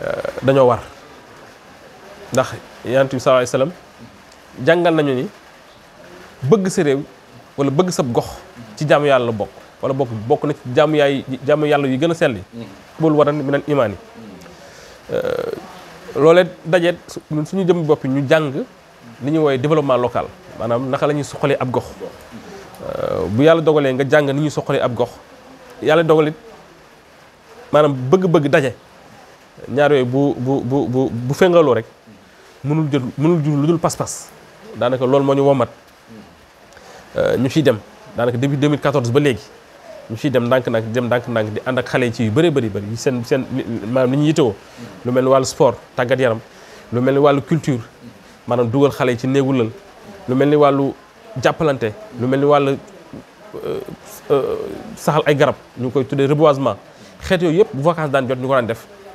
Eh, dañoo war ndax yonent bi sallallahu alayhi wasallam jangal nañu ni bëgg sa réew wala bëgg sa gox ci jaamu yàlla la bokk wala bokk bokk na ci jaamu yaay jaamu yàlla yu gën a sell yi boolu waran minal imaan yi eh, loolee dajeet suñu jëm bopp ñu jàng li ñuy wooye développement local maanaam naka la ñuy soxalee ab gox eh, bu yàlla dogalee nga jàng ni ñuy soxalee ab gox yàlla dogalit maanaam bëgg-bëgg daje ñaar yooyu bu bu bu bu bu fengaloo rek mënul jël mënul jur lu dul pas-pas daanaka loolu moo ñu womat euh, ñu ciy dem daanaka depuis 2014 ba léegi ñu ciy dem ndànk nag dem ndànk ndànk di ànd ak xale yi ci yu bëree bëri bëri seen seen maanaam ni ñu yitewoo lu mel ni wàllu sport tàggat yaram lu mel ni wàllu culture maanaam dugal xale yi ci néegu lël lu mel ni wàllu jàppalante lu mel ni wàllu euh, euh, saxal ay garab ñu koy tuddee reboisement xeet yooyu yëpp vacances daan jot ñu ko def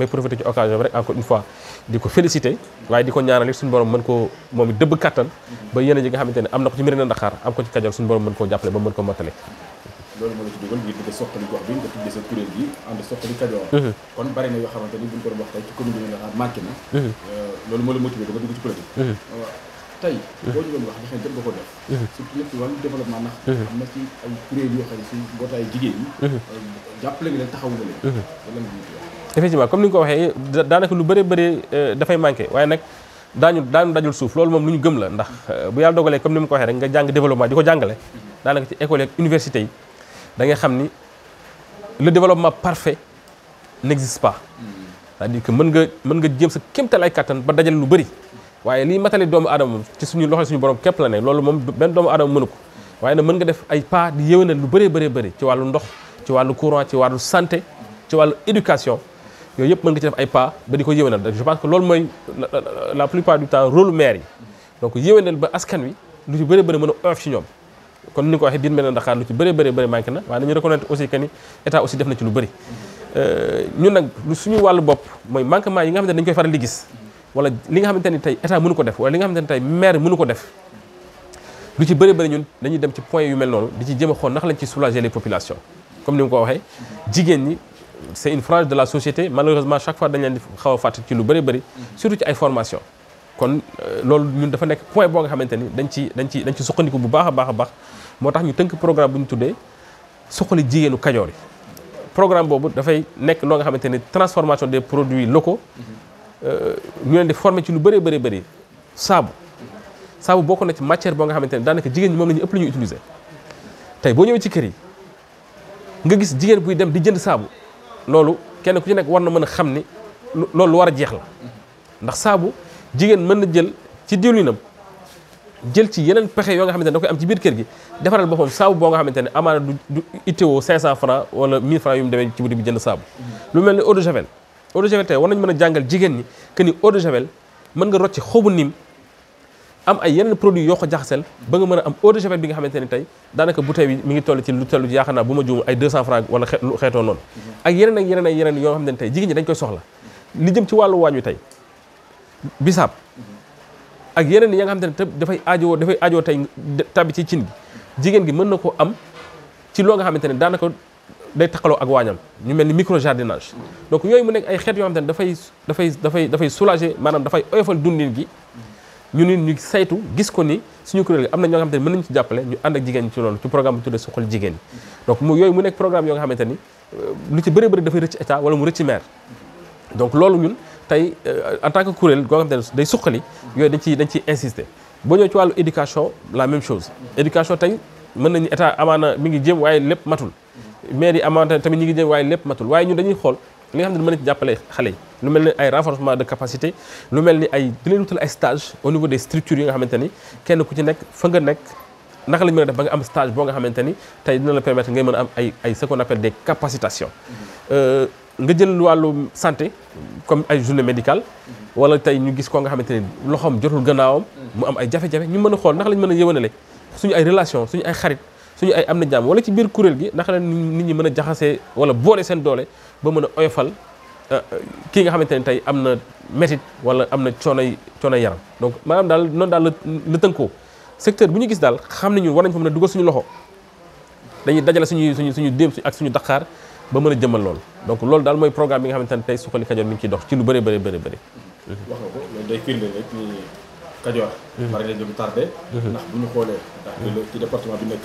may profité ci occasion bi rek encore une fois di ko félicité waaye di ko ñaanal it suñu mën koo moom it dëbb kattan ba yeneen yi nga xamante ne am na ko ci Mérina Dakhar am ko ci Kajoor suñu borom mën koo jàppale ba mën ko mottale loolu moo la ci bi nga tuddee sa ko euh, la motivé tey boo mhm. mhm. mhm. ñu doon leen taxawu nga leen wala comme ni nga ko waxee daanaka lu bëree bëri euh, dafay manqué waaye nag daañu daañu dajul suuf loolu moom lu ñu gëm la ndax euh, bu yàlla dogalee comme ni mu ko waxee rek nga jàng développement di ko jàngale daanaka ci école ak université yi da ngay xam ni le développement parfait nexis pa cest mën nga mën nga jéem sa kéemtal ay kattan ba dajal lu bari waaye liy matali doomu aadama moom ci suñu loxo suñu borom képp la ne loolu moom benn doomu aadama mënu ko waaye nag mën nga def ay pas di yéwénal lu bëree bëree bëri ci wàllu ndox ci wàllu courant ci wàllu santé ci wàllu éducation yooyu yëpp mën nga ci def ay pas ba di ko yéwénal je pense que loolu mooy la plupart du temps rôle maire yi donc yéwénal ba askan wi lu ci bëree bëri mën a oyof ci ñoom kon ni ko waxee biir mel na Dakar lu ci bëree bëri bëri manqué na waaye nañu reconnaître aussi que ni état aussi def na ci euh, lu suñu wàllu bopp mooy manquement yi nga xam ne dañu koy faral di gis wala li nga xamante ni tey état mënu ko def wala li nga xamante ni tey maire mënu ko def lu ci bëri bëri ñun dañuy dem ci point yu mel noonu di ci jéem a nax ndax lañ ci soulager les populations comme ni ma ko waxee jigéen ñi c'est une frange de la société malheureusement chaque fois dañ leen di xaw a ci lu bëri bëri surtout ay formation kon euh, loolu ñun dafa nekk point boo nga xamante ni dañ ci dañ ci dañ ci suqandiku bu baax a baax a baax moo tax ñu tënk programme bu ñu tuddee suqali jigéenu kajoor yi programme boobu dafay nekk loo nga xamante ni transformation des produits locaux Euh, ñu leen di former ci lu bëree bëri bëri saabu saabu bokk na ci matière boo nga xamante ne daanaka jigéen ñi moom la ñu ëpp lu ñuy utiliser tey boo ñëwee ci kër yi nga gis jigéen buy dem di jënd saabu loolu kenn ku ci nekk war na mën a xam ni loolu lu war a jeex la ndax saabu jigéen mën na jël ci diwlinam jël ci yeneen pexe yoo nga xam ne da koy am ci biir kër gi defaral boppam saabu boo nga xamante ne amaana du du itteewoo 500 francs wala 1000 francs yu mu bi jënd saabu lu mel ni eau de eau de javel tey war nañ mën a jàngal jigéen ñi que ni eau de javel mën nga rocci xobu niim am ay yeneen produit yoo ko jaxaseel ba nga mën a am eau de javel bi nga xamante ne tey daanaka bouteille bi mi ngi toll ci lu toll ci yaakaar naa bu ma juum ay 200 francs wala lu xeetoo noonu ak yeneen ak yeneen ak yeneen yoo xam ne tey jigéen ñi koy soxla li jëm ci wàllu waañ wi tey bisaab ak yeneen yi nga xamante ne te dafay aajowoo dafay aajoo tey tabi ci cin jigéen gi mën na ko am ci loo xamante ne daanaka day taqaloo ak wañam ñu melni micro jardinage donc yoy mu nek ay xeet yoo xam da fay da fay da fay soulager manam da fay oyofal dundin gi ñu nit ñu saytu gis ko ni suñu kurel amna ño na ñoo xam te ne mën ci jappalé ñu and ak jigen ci lolu ci programme bi tuddee Suxali jigéen donc mu yoy mu nek programme yo nga xamante euh, lu ci bëri da fay rëcc état wala mu rëcc maire donc lolu ñun tay euh, en tant que kuréel goo xam te day soxali yoy dañ ci dañ ci insister bo ñëw ci walu éducation la même chose éducation tay meun nañ état amana mi ngi jëm waye lepp matul maire yi amante tamit ñi ngi jëm waye lepp matul waye ñu dañuy xol li nga xam mëna ci jappalé xalé yi lu melni ay renforcement de capacité lu melni ay di leen ay stage au niveau des structures yi nga xamante kenn ku ci nek fa nga nekk naka la ñu def ba nga am stage bo nga xamante tay dina la permettre ngay mëna am ay ay ce qu'on appelle des capacitations euh, nga jël walu santé comme ay journée médicale wala tay ñu gis ko nga xamante loxom jotul gannaawam mu am ay jafé jafé ñu mëna xol xool naka la ñu mën suñu ay relation suñu ay xarit suñu ay am na jàmm wala ci biir kuréel gi naka la nit ñi mën a jaxasee wala boole seen doole ba mën a oyofal euh, kii nga xamante ne tey am na métit wala am na coonay coonay yaram donc maanaam daal noon daal la tënkoo secteur bu ñu gis daal xam nañu war nañ fa mën a dugal suñu loxo dañuy dajale suñu suñu suñu déem ak suñu daqaar ba mën a jëmmal lool donc loolu daal mooy programme bi nga xamante ne tey Suxali Kajoor mi ngi ciy dox ci lu bëri bëri bëri bëri wax nga ko loolu day firnde rek ni Kajoor mhm. mhm. xoolee ndax ci département bi nekk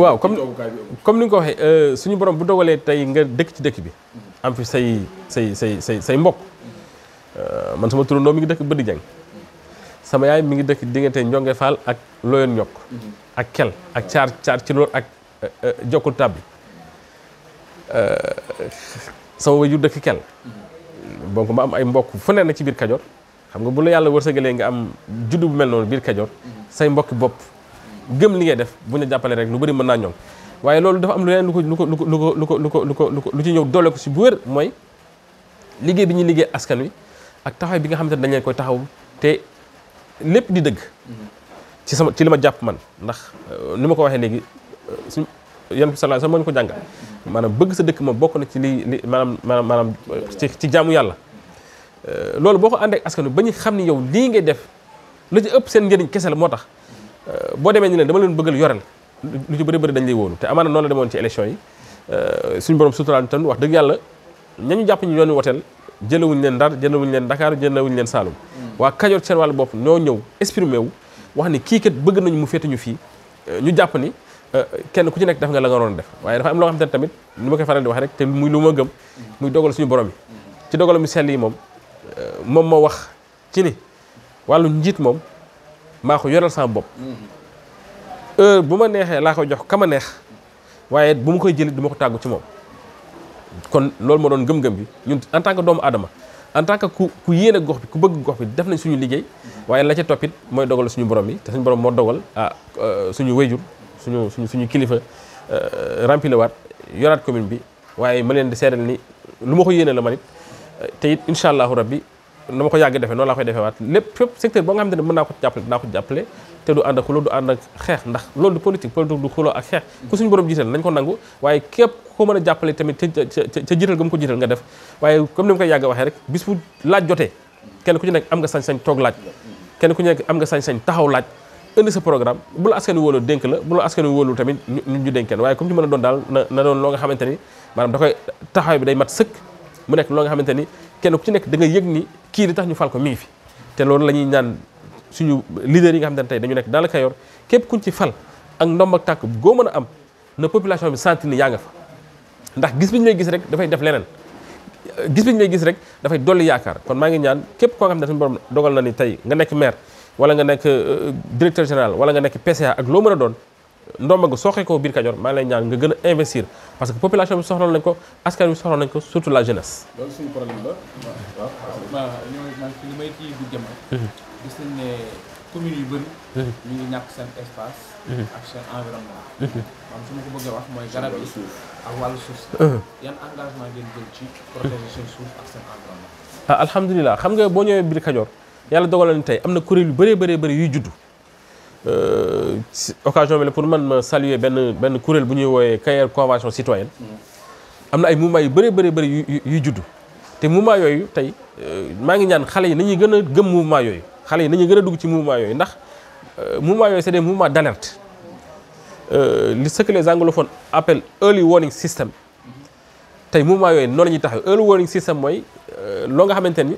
waaw comme comme ni nga ko waxee euh, suñu borom bu dogalee tey nga dëkk ci dëkk bi mm-hmm. am fi say say say say say mbokk euh, man sama turandoo mi ngi dëkk Bëdi Jang mm-hmm. sama yaay mi ngi dëkk diggante Njonge Fall ak Loyon Ñokk mm-hmm. ak Kel ak Caar Caar ci loor ak euh, Jokkul Tàbbi sama wajur Kel donc ma am ay mbokk fu ne na ci biir Kajoor xam nga bu la yàlla wërsëgalee nga am juddu bu mel noonu biir Kajoor say mbokki bopp gëm li ngay def bu ñu jappalé rek lu bari mëna naa waye waaye loolu dafa am lu leen lu ko lu ko lu ko lu ko lu ko lu ko lu ko lu ci ñew dole ko ci bu wër moy liggéey bi ñuy liggéey askan wi ak taxaw bi nga xamanteni dañ leen koy taxaw té lepp di dëgg ci sama ci lima japp man ndax euh, ni ma ko waxé légui euh, suñ yan sala sa moo ko jangal manam bëgg sa dëkk ma bokk na ci li li manam manam ci ci jaamu yalla euh, loolu boko andé askanu bañu xamni yow li ngay def la ci ëpp seen ngeen kessel motax Euh, boo demee ñu leen dama leen bëggal yoral lu ci bëri bëri dañ lay wóolu te amaana noonu la demoon ci élection yi euh, suñu borom suturaan wax dëgg yàlla ñañu jàpp ñu doon woteel jëlawuñ leen Ndar jëlawuñ leen Dakar jëlawuñ leen Saalum hmm. waa Kajoor seen wàllu bopp ñoo ñëw exprimé wu wax ni kii kat bëgg nañu mu féetuñu fii euh, ñu jàpp ni kenn ku ci nekk def nga la nga def waaye dafa loo xam te ne tamit ni ma koy faral di wax rek te muy lu ma gëm muy dogal suñu borom yi hmm. ci dogalam yu sell yi moom moom moo wax ci ni wàllu njiit moom maa ko yoral sama bopp heure bu ma neexee laa koy jox kama neex waaye bu ma koy jëli du ma ko tàggu ci moom kon loolu moo doon gëm-gëm bi ñu en tant que doomu aadama en tant que ku ku gox bi ku bëgg gox bi def nañ suñu liggéey waaye la ca toppit mooy dogal suñu borom yi te suñu borom moo dogal ah, euh, suñu wéyjur suñu suñu suñu kilifa euh, rempile waat yoraat commune bi waaye ma leen di seedal ni lu ma ko yéene la man it te it incha allahu rabbi na ma ko yàgg defee noonu laa koy defee waat lépp fépp secteur ba nga xam ne mën naa ko jàppale dinaa ko jàppale te du ànd ak xuloo du ànd ak xeex ndax loolu du a jàppale tamit ca ko jiital nga def rek bis bu laaj jotee kenn ku ci nekk am nga sañ-sañ laaj kenn ku nekk am nga sañ-sañ taxaw laaj indi sa programme bu la askan wi la bu la askan tamit ñu ñu waaye comme a doon daal na na doon loo nga xamante ni maanaam da koy taxaw bi day mat sëkk mu nekk loo nga xamante ni kenn ku ci nekk danga nga yëg ni kii li tax ñu fal ko mi ngi fi te loolu la ñuy ñaan suñu leader yi nga xam ne tey dañu nekk dans le Kayor képp kuñ ci fal ak ndomb ak tàkk goo mën a am na population bi sentir ni yaa nga fa ndax gis bi ñu lay gis rek dafay def leneen gis bi ñu lay gis rek dafay dolli yaakaar kon maa ngi ñaan képp koo xam ne suñu borom dogal na ni tey nga nekk mair wala nga nekk euh, directeur général wala nga nekk PCA ak loo mën a doon ndomba nga sooxee ko biir Kajoor maa ngi lay ñaan nga gën a investir parce que population bi soxla nañ ko askan bi soxla nañ ko surtout la jeunesse. loolu bu jëm mhm. gis nañ ne communes yu bëri. Mhm. ñu ngi ñàkk seen espace. Mhm. ak seen wax mooy garab yi ak wàllu suuf yan engagement ngeen jël ci protéger seen ah, alhamdulilah xam nga boo ñëwee biir Kajoor yàlla dogal na tey am na kuréel yu bëree bëri bëri yuy juddu. Euh, occasion bi la pour man ma benn benn kuréel bu ñuy wooyee Kayer convention citoyenne mm. am na ay mouvement yu bëree bëri bëri yu yu judd te mouvement yooyu tey euh, maa ngi ñaan xale yi nañuy gën a gëm yooyu xale yi nañuy gën a dugg ci mouvement yooyu ndax euh, mouvement yooyu c'est des mouvements d'alerte li ce que les anglophones appellent early warning tey mouvement yooyu noonu la ñuy taxaw early warning system mooy loo nga xamante ni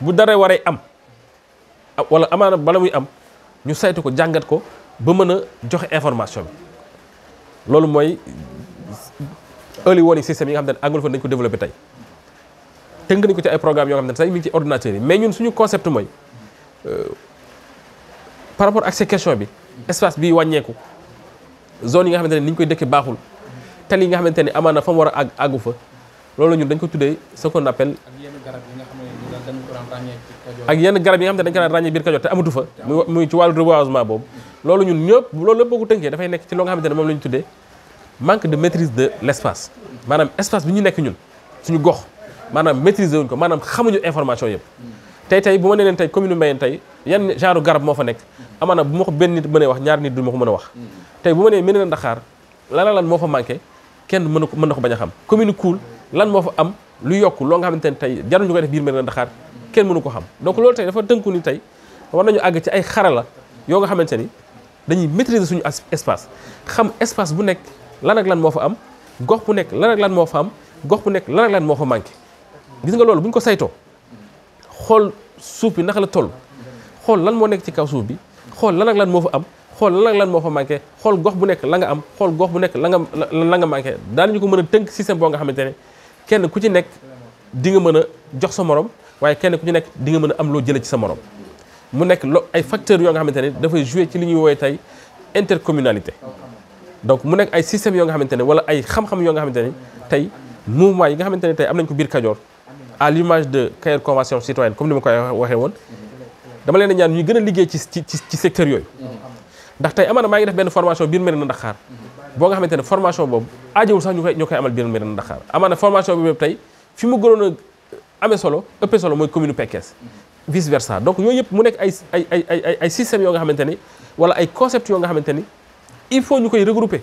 bu dara waree am wala amaana bala muy am. ñu saytu ko jàngat ko ba mën a joxe information bi loolu mooy early warning system yi nga xam ne anglophone dañu ko développé tey tënk nga ko ci ay programme yoo xam ne tey mi ci ordinateur yi mais ñun suñu concept mooy euh, par rapport ak ces questions bi espace bi wàññeeku zone yi nga xamante ne ni ñu koy dëkkee baaxul tali yi nga xamante ne amaana fa mu war a àgg àggu fa loolu ñun dañ ko tuddee ce qu'on appelle. ak yenn garab ak yenn garab yi nga xam ne dañ ko daan ràññee biir Kajoor te amatu fa muy ci wàllu reboisement boobu loolu ñun ñëpp loolu lépp boo ko tënkee dafay nekk ci loo nga xamante ne moom la de maîtrise de l' espace maanaam espace bi ñu nekk ñun suñu gox maanaam maîtriser wuñ ko maanaam xamuñu information yëpp tey tey bu ma ne tey commune Mbayeen tey yan genre garab moo fa nekk amaana bu ma ko benn nit mënee wax ñaari nit du ma ko mën a wax mm. tey bu ma nee mel na Dakar lan lan moo fa manqué kenn mën na ko mën na ko bañ a xam commune Koul lan moo fa am lu yokk loo nga xamante ne tey jarul ñu koy def biir Mérina Dakhar kenn mënu ko xam donc loolu tey dafa tënku ni tey war nañu àgg ci ay xarala yoo nga xamante ni dañuy maîtriser suñu espace xam espace bu nekk lan ak lan moo fa am gox bu nekk lan ak lan moo fa am gox bu nekk lan ak moo fa manqué gis nga loolu bu ko saytoo xool suuf bi naka la toll xool lan moo nekk ci kaw suuf bi xool lan ak lan moo fa am xool lan lan moo fa manqué xool gox bu nekk la nga am xool gox bu nekk la nga la nga manqué daanañu ko mën a tënk système boo nga xamante ne kenn ku ci nekk dinga nga a jox sa morom waaye kenn ku ci nekk di nga mën a am loo jëlee ci sa morom mu nekk lo ay facteurs yoo nga xamante ne dafay jouer ci li ñuy woowee tey intercommunalité donc mu nekk ay système yoo nga xamante ne wala ay xam-xam xamante ne tey mouvement yi nga xamante ne tey am nañ ko biir Kajoor à l'image de Kajoor convention citoyenne comme ni ma koy waxee woon dama leen ñaan ñu gën a liggéey ci ci ci secteurs yooyu ndax tey amana maa ngi def benn formation biir Mérina xaar boo nga xamante ne formation boobu aajowul sax ñu koy ñu koy amal biir Mérina Dakhar amaana formation bi bépp tey fi mu gënoon a amee solo ëppee mooy commune Pekes vice versa donc yooyu yëpp mu nekk ay ay ay ay systèmes yoo nga xamante ni wala ay concepts yoo nga xamante ni il faut ñu koy regrouper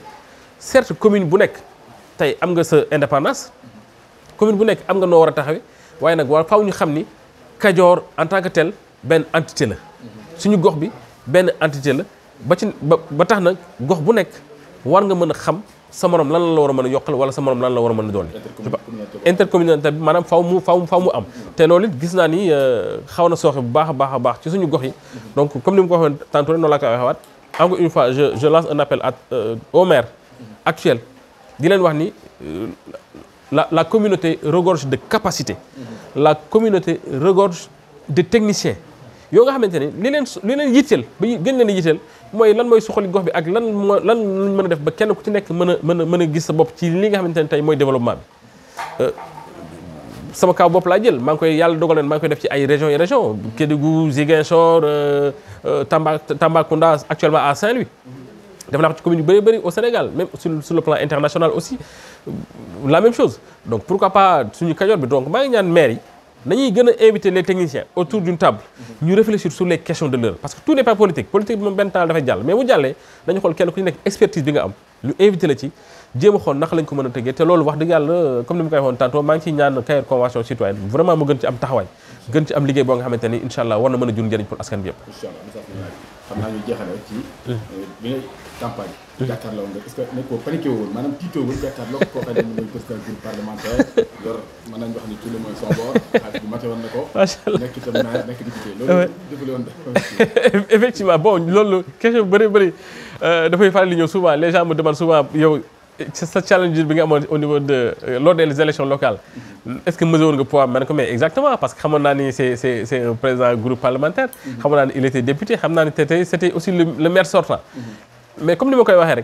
certes commune bu nekk tey am nga sa indépendance commune bu nekk am nga noo war a taxawee waaye nag waa faaw ñu xam ni Kajoor en tant que tel benn entité la suñu gox bi benn entité la ba ci ba tax na gox bu nekk war nga mën a xam sa morom lan la wara a mën a wala sa morom lan la wara a mën a manam intercommunauté bi faw mu faw faw mu am te lolit gis euh, na ni xawna soxé bu baax a baax baax ci suñu gox yi donc comme nim ko waxee tantôt no la laa koy waxewaat encore une fois je je lance un appel à euh, au maire actuel di len wax ni euh, la la communauté regorge de capacité la communauté regorge de techniciens yo nga xamanteni li len li leen yitteel ba gën len yittel moy lan moy suxali gox bi ak lan moo lan lañ mëna def ba kenn ku ci nekk mëna mëna mëna gis sa bop ci li nga xamanteni tay moy développement bi euh, sama kaw bop la jël maa ngi koy yalla dogal leen maa koy def ci ay régions et régions Kédougou Ziguinchor euh, euh, Tamba Tambacounda actuellement à Saint-Louis def la ci commune bari bari au Sénégal même sur sur le plan international aussi la même chose donc pourquoi pas suñu Kajoor bi donc maa ngi ñaan maire nañuy gën a inviter les techniciens autour d'une table ñu réfléchir sur les questions de l'heure parce que tout n'est pas politique politique bi moom benn temps dafay jàll mais bu jàllee dañu xool kenn ku ci nekk expertise bi nga am ñu invité la ci jéem a xool naka lañ ko mën a tëggee loolu wax dëgg yàlla comme ni mu koy waxoon tantôt maa ngi ciy ñaan Kayor convention citoyenne vraiment mu gën ci am taxawaay gën ci am liggéey bo nga xamanteni inshallah war na mëna a jur pour askan bi yëpp xam naa ñu jeexale ci euh, bi nga campagne mm. jàkkaarloo nga est-ce que nekkoo paniqué woon manam tito woon jàkkaarloo koo xam ne mooy président groupe parlementaire effectivement bon lolo euh, les gens me demandent souvent challenge au niveau de euh, l'ordre des élections locales mm-hmm. est-ce que mesure nga pouvoir exactement parce que c'est un président groupe parlementaire. Mm-hmm. il était député c'était aussi le maire sortant. Mm-hmm. mais comme nous ma koy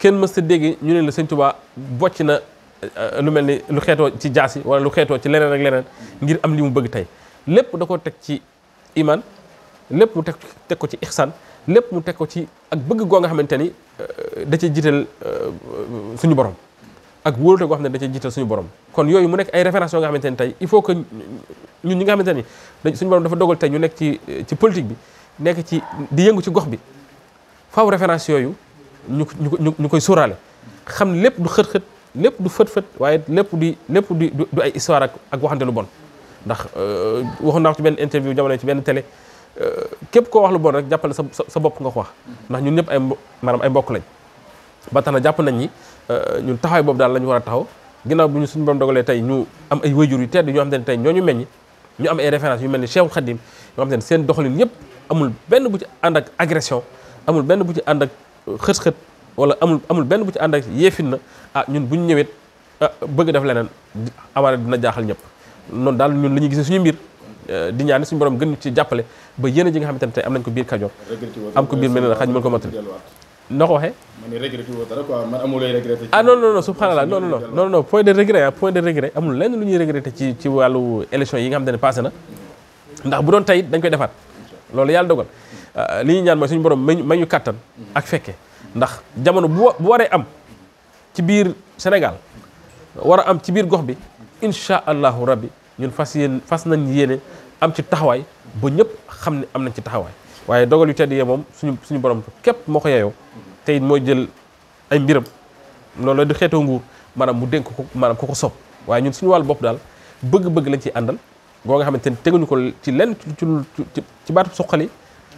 kenn mësta dégg ñu ne la sëñ Tuubaa bocc na euh, lu mel ni lu xeetoo ci jaasi wala lu xeetoo ci leneen ak leneen ngir am li mu bëgg tey lépp da ko teg ci iman lépp mu teg teg ko ci ixsaan lépp mu teg ko ci ak bëgg goo nga xamante ni euh, da ca jiital euh, suñu borom ak wóolute goo xam ne da ca jiital suñu borom kon yooyu mu nekk ay référence yoo nga xamante ni tey il faut que ñun ñi nga xamante ni suñu borom dafa dogal tey ñu nekk ci ci politique bi nekk ci di yëngu ci gox bi faaw référence yooyu ñu ñu ñu koy sóoraale xam ne lépp du xët-xët lépp du fët-fët waaye lépp di lépp du ay histoire ak ak waxante lu bon ndax euh, waxoon naa ko ci benn interview jamono ci benn télé euh, képp koo wax lu bon rek jàppale sa sa bopp nga ko wax ndax ñun ñëpp ay maanaam ay mbokk lañ ba tax na jàpp nañ ni euh, ñun taxawaay boobu daal la ñu war a taxaw ginnaaw bu ñu suñu borom dogalee tey ñu am ay wéyjur yu tedd ñoo xam te ne tey ñooñu meññ ñu am ay référence yu mel ni Cheikh Khadim ñoo xam te seen doxalin yëpp amul benn bu ci ànd ak agression amul benn bu ci ànd ak xët-xët wala amul amul benn bu ci ànd ak yeefin na ah ñun bu ñu ñëwee ah, bëgg def leneen amaana dina jaaxal ñëpp noonu daal ñun la ñuy gisee suñu mbir eh, di ñaan suñu borom gën ci jàppale ba yéen ji nga xamante ne tey am nañ ko biir Kajoor am ko biir mel ko matal na ko waxee ah non non non subhanallah non non non non point de regret ah point de regret amul lenn lu ñuy regretter ci ci élection yi nga xamante ne passé na ndax bu doon tey dañ koy defaat loolu yàlla dogal Euh, li ñuy ñaan mooy suñu borom may ñu kàttan ak fekke ndax jamono bu bu am ci biir Sénégal war a am ci biir gox bi incha allahu rabbi ñun fas yéen fas nañ yéene am ci taxawaay ba ñëpp xam ne am nañ ci taxawaay waaye dogal yu tedd suñu suñu borom képp moo ko yeyoo te it jël ay mbiram loolu di xeetoo nguur maanaam mu dénk ko maanaam ko ko sob waaye ñun suñu wàllu bopp daal bëgg-bëgg lañ ci àndal goo nga xamante ni teguñu ko ci lenn ci ci baatu suqali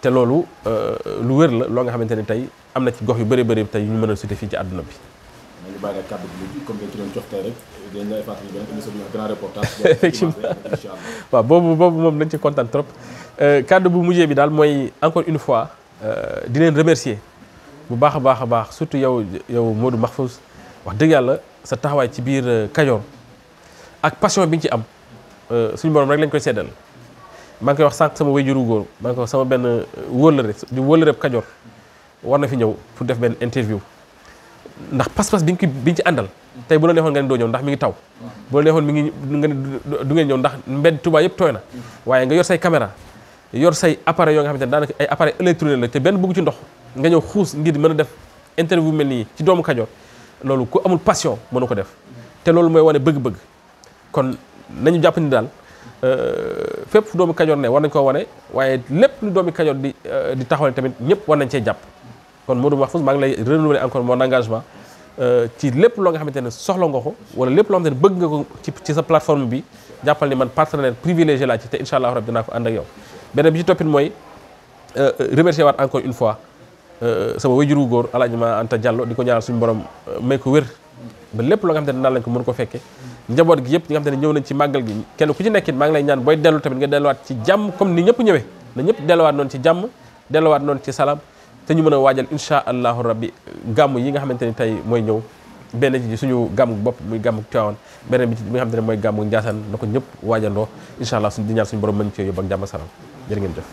te loolu euh, lu wér la loo nga xamante ni tey am na ci gox yu bëri bëri tey ñu mën a cité fii ci àdduna bi. ñu bàyyi la kàddu waaw boobu boobu moom dañ ci kontaan trop. Euh, kàddu bu mujjee bi daal mooy encore une fois euh, di leen remercier bu baax a baax a baax surtout yow yow Modou Mahfouz wax dëgg yàlla sa taxawaay ci biir Kajoor ak passion bi ñu ci am suñu borom rek lañ koy seddal maa koy wax sànq sama wéyjuru góor maa ngi koy wax sama benn euh, wóllëre di wóllëre Kajoor war na fi ñëw pour def benn interview ndax pas-pas bi nga bi ñu ci àndal tey bu la neexoon nga ne ndax mi ngi taw bu la mi ngi nga ne du ngeen ñëw ndax mbedd yëpp tooy na waaye nga yor say caméra yor say appareil yoo nga xamante ne daanaka ay appareil électronique la te benn bugg ci ndox nga ñëw xuus ngir mën a def interview mel nii ci doomu Kajoor loolu ku amul passion mënu ko def te loolu mooy wane bëgg-bëgg kon nañu jàpp ni daal Euh, fépp doomi kadior ne wonn ko woné wayé lepp lu doomi kadior di euh, di taxawal tamit ñepp wonn nañ cee jàpp kon Modou Mahfouz maa ngi lay renouveler encore mon engagement euh ci lepp lo nga xamantene soxlo soxla nga ko wala lepp lo xamantene bëgg nga ko ci ci sa plateforme bi jappal ni man partenaire privilégié la ci té inshallah allahu rabi dinaa ko and ak yow beneen bi ci moy euh, euh remercier waat encore une fois sama wajuru góor alaaji ma Anta Diallo di ko ñaanal suñu borom may ko wër ba lepp lo nga xamantene ne lañ ko mën ko fekkee njaboot gi yëpp ñi nga xam te ne ñëw nañ ci màggal gi kenn ku ci nekkit maa ngi lay ñaan booy dellu tamit nga delluwaat ci jàmm comme ni ñëpp ñëwee na ñëpp delluwaat noonu ci jàmm delluwaat noonu ci salaam te ñu mën a waajal insha allahu rabbi gàmm yi nga xamante ni tey mooy ñëw benn ci suñu gàmmu bopp muy gàmmu Tiwaawan beneen bi ci bi nga xamante mooy gàmmu Njaasaan na ko ñëpp waajandoo insha allah suñ di ñaan suñu borom mën cee ak jàmm salaam